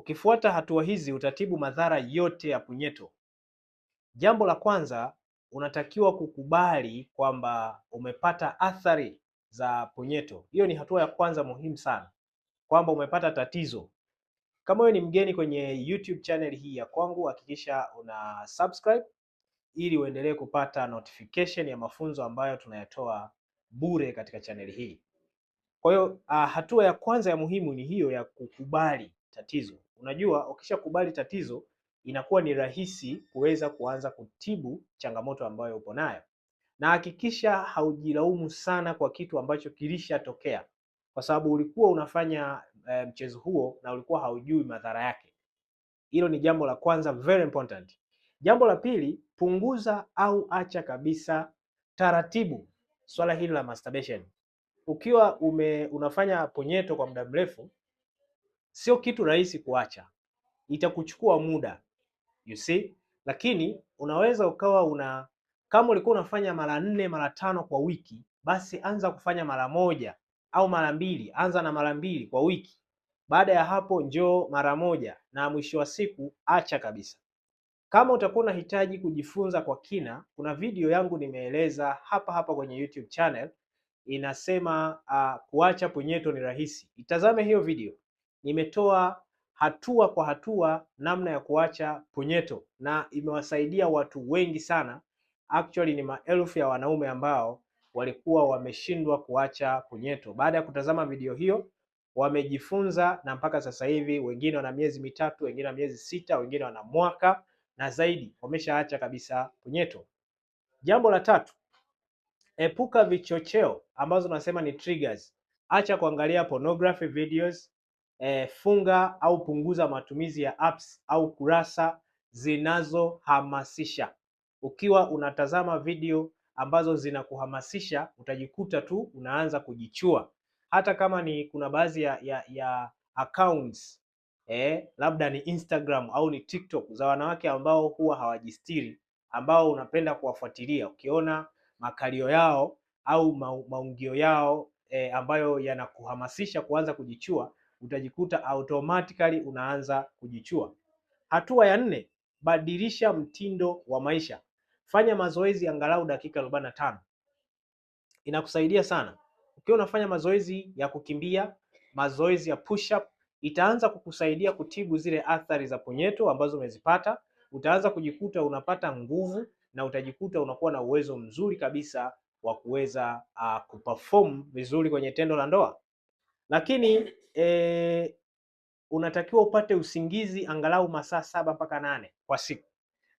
Ukifuata hatua hizi utatibu madhara yote ya punyeto. Jambo la kwanza, unatakiwa kukubali kwamba umepata athari za punyeto. Hiyo ni hatua ya kwanza muhimu sana, kwamba umepata tatizo. Kama wewe ni mgeni kwenye YouTube channel hii ya kwangu, hakikisha una subscribe ili uendelee kupata notification ya mafunzo ambayo tunayatoa bure katika channel hii. Kwa hiyo ah, hatua ya kwanza ya muhimu ni hiyo ya kukubali tatizo. Unajua, ukishakubali tatizo inakuwa ni rahisi kuweza kuanza kutibu changamoto ambayo upo nayo, na hakikisha haujilaumu sana kwa kitu ambacho kilishatokea, kwa sababu ulikuwa unafanya e, mchezo huo na ulikuwa haujui madhara yake. Hilo ni jambo la kwanza, very important. Jambo la pili, punguza au acha kabisa taratibu swala hili la masturbation. Ukiwa ume, unafanya ponyeto kwa muda mrefu sio kitu rahisi kuacha, itakuchukua muda you see, lakini unaweza ukawa una kama ulikuwa unafanya mara nne mara tano kwa wiki, basi anza kufanya mara moja au mara mbili. Anza na mara mbili kwa wiki, baada ya hapo njoo mara moja, na mwisho wa siku acha kabisa. Kama utakuwa unahitaji kujifunza kwa kina, kuna video yangu nimeeleza hapa hapa kwenye YouTube channel inasema uh, kuacha punyeto ni rahisi. Itazame hiyo video nimetoa hatua kwa hatua namna ya kuacha punyeto na imewasaidia watu wengi sana. Actually ni maelfu ya wanaume ambao walikuwa wameshindwa kuacha punyeto. Baada ya kutazama video hiyo, wamejifunza na mpaka sasa hivi wengine wana miezi mitatu, wengine wana miezi sita, wengine wana mwaka na zaidi, wameshaacha kabisa punyeto. Jambo la tatu, epuka vichocheo ambazo nasema ni triggers. Acha kuangalia pornography videos, e, funga au punguza matumizi ya apps au kurasa zinazohamasisha. Ukiwa unatazama video ambazo zinakuhamasisha utajikuta tu unaanza kujichua, hata kama ni kuna baadhi ya, ya, ya accounts eh, labda ni Instagram au ni TikTok za wanawake ambao huwa hawajistiri, ambao unapenda kuwafuatilia ukiona makalio yao au maungio yao eh, ambayo yanakuhamasisha kuanza kujichua utajikuta automatically unaanza kujichua. Hatua ya nne, badilisha mtindo wa maisha. Fanya mazoezi angalau dakika 45. na tano inakusaidia sana. Ukiwa unafanya mazoezi ya kukimbia, mazoezi ya push up, itaanza kukusaidia kutibu zile athari za punyeto ambazo umezipata. Utaanza kujikuta unapata nguvu na utajikuta unakuwa na uwezo mzuri kabisa wa kuweza uh, kuperform vizuri kwenye tendo la ndoa. Lakini e, unatakiwa upate usingizi angalau masaa saba mpaka nane kwa siku,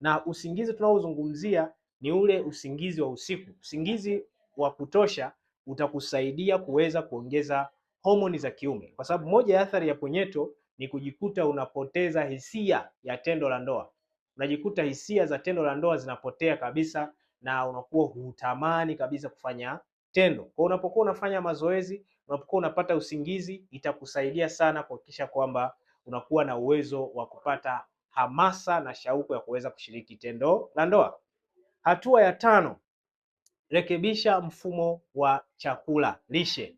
na usingizi tunaozungumzia ni ule usingizi wa usiku. Usingizi wa kutosha utakusaidia kuweza kuongeza homoni za kiume, kwa sababu moja ya athari ya punyeto ni kujikuta unapoteza hisia ya tendo la ndoa. Unajikuta hisia za tendo la ndoa zinapotea kabisa, na unakuwa hutamani kabisa kufanya tendo. Kwa unapokuwa unafanya mazoezi unapokuwa unapata usingizi, itakusaidia sana kuhakikisha kwamba unakuwa na uwezo wa kupata hamasa na shauku ya kuweza kushiriki tendo la ndoa. Hatua ya tano, rekebisha mfumo wa chakula lishe.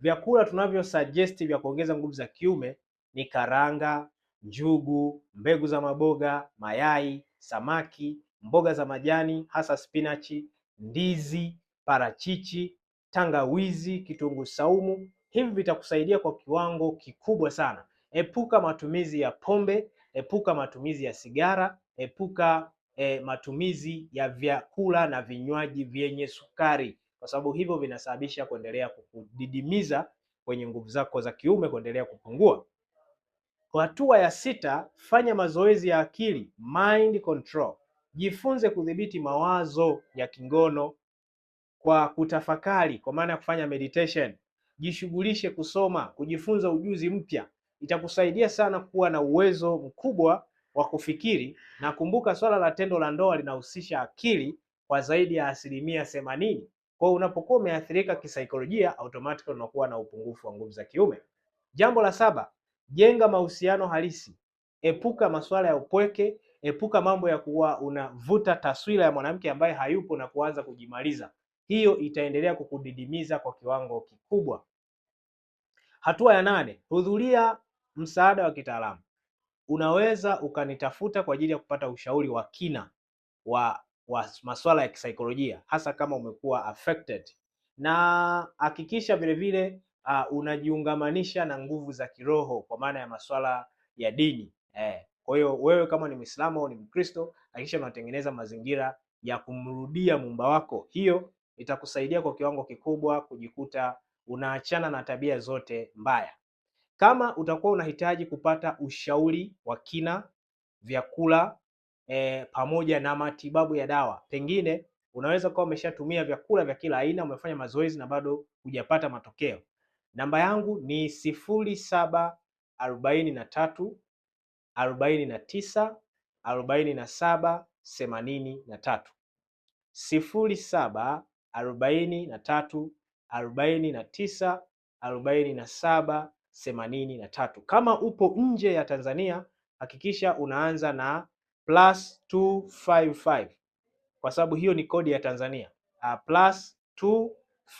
Vyakula tunavyo suggest vya kuongeza nguvu za kiume ni karanga, njugu, mbegu za maboga, mayai, samaki, mboga za majani hasa spinachi, ndizi, parachichi, tangawizi, kitunguu saumu. Hivi vitakusaidia kwa kiwango kikubwa sana. Epuka matumizi ya pombe, epuka matumizi ya sigara, epuka e, matumizi ya vyakula na vinywaji vyenye sukari, kwa sababu hivyo vinasababisha kuendelea kukudidimiza kwenye nguvu zako za kiume kuendelea kupungua. Kwa hatua ya sita, fanya mazoezi ya akili, mind control. Jifunze kudhibiti mawazo ya kingono kwa kutafakari, kwa maana ya kufanya meditation. Jishughulishe kusoma, kujifunza ujuzi mpya, itakusaidia sana kuwa na uwezo mkubwa wa kufikiri. Na kumbuka swala la tendo la ndoa linahusisha akili kwa zaidi ya asilimia themanini. Kwa hiyo unapokuwa umeathirika kisaikolojia, automatically unakuwa na upungufu wa nguvu za kiume. Jambo la saba, jenga mahusiano halisi, epuka masuala ya upweke, epuka mambo ya kuwa unavuta taswira ya mwanamke ambaye hayupo na kuanza kujimaliza hiyo itaendelea kukudidimiza kwa kiwango kikubwa. Hatua ya nane, hudhuria msaada wa kitaalamu. Unaweza ukanitafuta kwa ajili ya kupata ushauri wa kina wa, wa masuala ya kisaikolojia hasa kama umekuwa affected, na hakikisha vilevile uh, unajiungamanisha na nguvu za kiroho kwa maana ya masuala ya dini eh. Kwa hiyo wewe kama ni Muislamu au ni Mkristo, hakikisha unatengeneza mazingira ya kumrudia muumba wako. Hiyo itakusaidia kwa kiwango kikubwa kujikuta unaachana na tabia zote mbaya. Kama utakuwa unahitaji kupata ushauri wa kina, vyakula e, pamoja na matibabu ya dawa, pengine unaweza kuwa umeshatumia vyakula vya kila aina, umefanya mazoezi na bado hujapata matokeo. Namba yangu ni sifuri saba arobaini na tatu arobaini na tisa arobaini na saba themanini na tatu sifuri saba arobaini na tatu arobaini na tisa arobaini na saba themanini na tatu. Kama upo nje ya Tanzania hakikisha unaanza na plus 255 kwa sababu hiyo ni kodi ya Tanzania. Uh, plus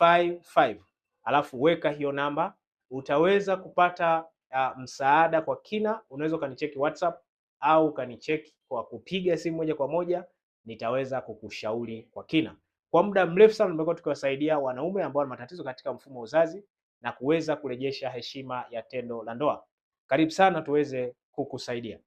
255 alafu weka hiyo namba, utaweza kupata uh, msaada kwa kina. Unaweza ukanicheki WhatsApp au ukanicheki kwa kupiga simu moja kwa moja, nitaweza kukushauri kwa kina. Kwa muda mrefu sana tumekuwa tukiwasaidia wanaume ambao wana matatizo katika mfumo wa uzazi na kuweza kurejesha heshima ya tendo la ndoa. Karibu sana tuweze kukusaidia.